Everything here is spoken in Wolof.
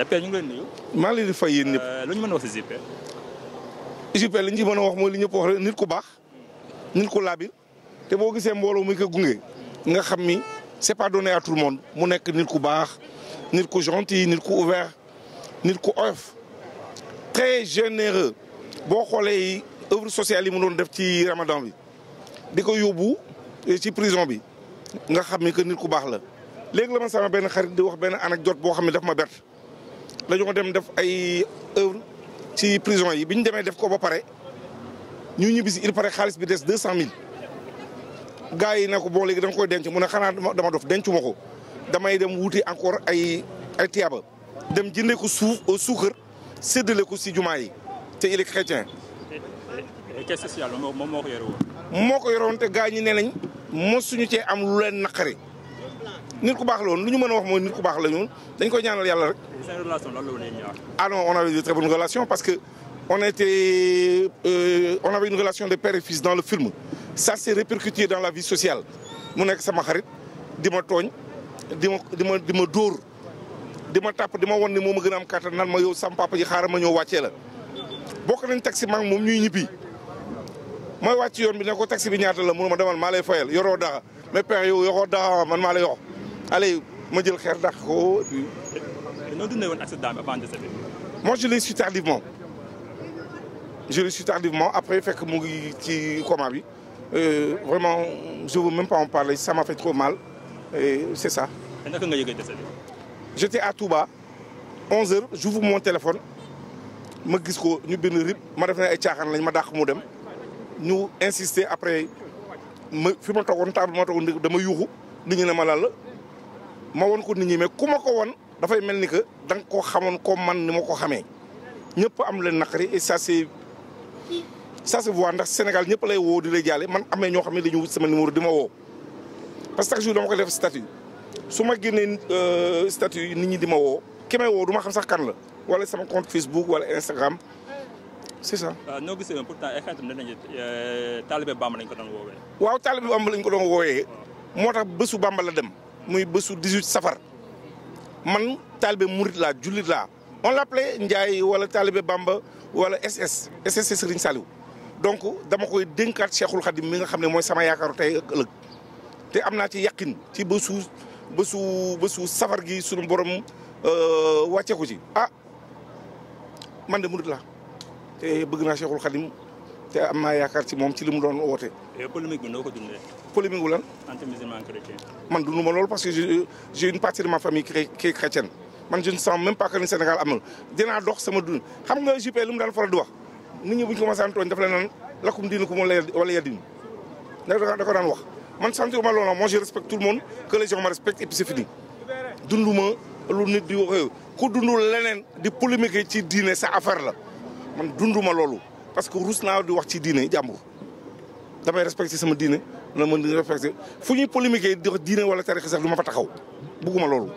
Eh, Père ñu ngi leen maa ngi leen di fay yéen ñëpp. Eh, lu ñu mën a ci mën a wax mooy li ñëpp wax rek nit ku baax. nit ku laabir te boo gisee mbooloo muy ko gunge. nga xam ni c'est pas donné à tout monde mu nekk nit ku baax nit ku gentil nit ku ouvert nit ku oyof. très généreux boo xoolee œuvre sociale yi mu doon def ci Ramadan bi di ko yóbbu ci prison bi nga xam ni que nit ku baax la léegi la ma sama benn xarit di wax benn anecdote boo xam ne daf ma bert dañoo dem def ay œuvre ci prison yi bi ñu demee def ko ba pare ñu ñibbi si il paraît xaalis bi des deux cent mille gars yi ne ko boo léegi da nga koy denc mu ne xanaa dama dof dencu ma ko damay dem wuti encore ay ay tiyaaba dem jëndee ko suuf euh, suukar séddale ko si jumaa yi te il est chrétien. caisse sociale moom moo ko yore moo ko yore woon te gars ñi nee nañ suñu cee am lu leen naqari. nit ku baax la woon lu ñu mën a wax mooy nit ku baax la ñu woon dañ koy ñaanal yàlla rek. seen relation lan la woon ah non on avait de très bonnes relations parce que on était euh, on avait une relation de père et fils dans le film ça s'est répercuté dans la vie sociale mu nekk sama xarit di ma tooñ di ma di ma di ma dóor di ma tàpp di ma won ne moom a gën a am kàttan nan ma yow sam papa ji xaaral ma ñëw wàccee la bokk nañ taxi maag moom ñuy ñibbi mooy wàcc yoon bi ne ko taxi bi ñaata la mënu ma demal maa lay fayal yoroo dara mais père yow yoroo dara man maa lay yox allez ma jël xeer dàq ko. dañoo dundee woon accident bi avant de tardivement je l'ai su tardivement après fekk mu ngi ci coma bi euh, vraiment je veux même pas en parler mal et c'est ça. naka nga à Touba 11h j'ouvre mon téléphone ma gis ko ñu bind RIP ma def ne ay caaxaan lañ ma dàq mu dem ñu insister après ma fi ma toogoon table ma toogoon dama yuuxu nit ñi ne ma lan ma won ko nit ñi mais ku ma ko won dafay mel ni que da nga koo xamoon ko man ni ma ko xamee ñëpp am leen naqari et ça c'est ça se ndax Sénégal ñëpp lay woo di lay jaale man amee ñoo xam ne dañu wut sama numéro di ma woo parce que chaque jour dama ko def statut su ma génnee euh, statut nit ñi di ma woo ki may woo du xam sax kan la wala sama compte Facebook wala Instagram c'est ça. waaw euh, ñoo gisee pourtant ay xeetam danañu euh, taalibe Bamba lañ ko doon woowee. waaw taalibe Bamba lañ ko doon woowee. moo tax bésu Bamba la dem. muy bésu 18 safar man taalibe murit laa jullit en la l'appelait Ndiaye wala taalibe Bamba wala SS SS Serigne Saliou donc dama koy dénkaat Cheikhul Khadim mi nga xam ne mooy sama yaakaaru tey ak ëllëg te am naa ci yàqin ci bésu bésu bésu safar gi sunu borom euh, wàcce ko ci ah man de murit laa te bëgg naa Cheikhul Khadim te am naa yaakaar ci moom ci li mu doon woote. Eh, polémique bi noo ko dundee. polémique wu lan. entre musulman chrétien. man dundu ma loolu parce que j'ai une partie de ma famille qui est chrétienne man je ne sens même pas que ni Sénégal am na dinaa dox sama dund xam nga JP lu mu daan faral di wax nit ñi bu ñu ko mosaan tooñ daf leen naan lakum diinukum wala yadin da ko daan wax. man sentir ma loolu moi je respecte tout le monde que les gens me respectent et puis c'est fini dundu ma lu nit di waxee ku dund leneen di polémique ci diine sa affaire la man dundu ma loolu. parce que ruus naa di wax ci diine jàmbur damay respecté sama diine na mën di respecté fu ñuy polémiquer di wax diine wala tarix sax du ma fa taxaw bugguma loolu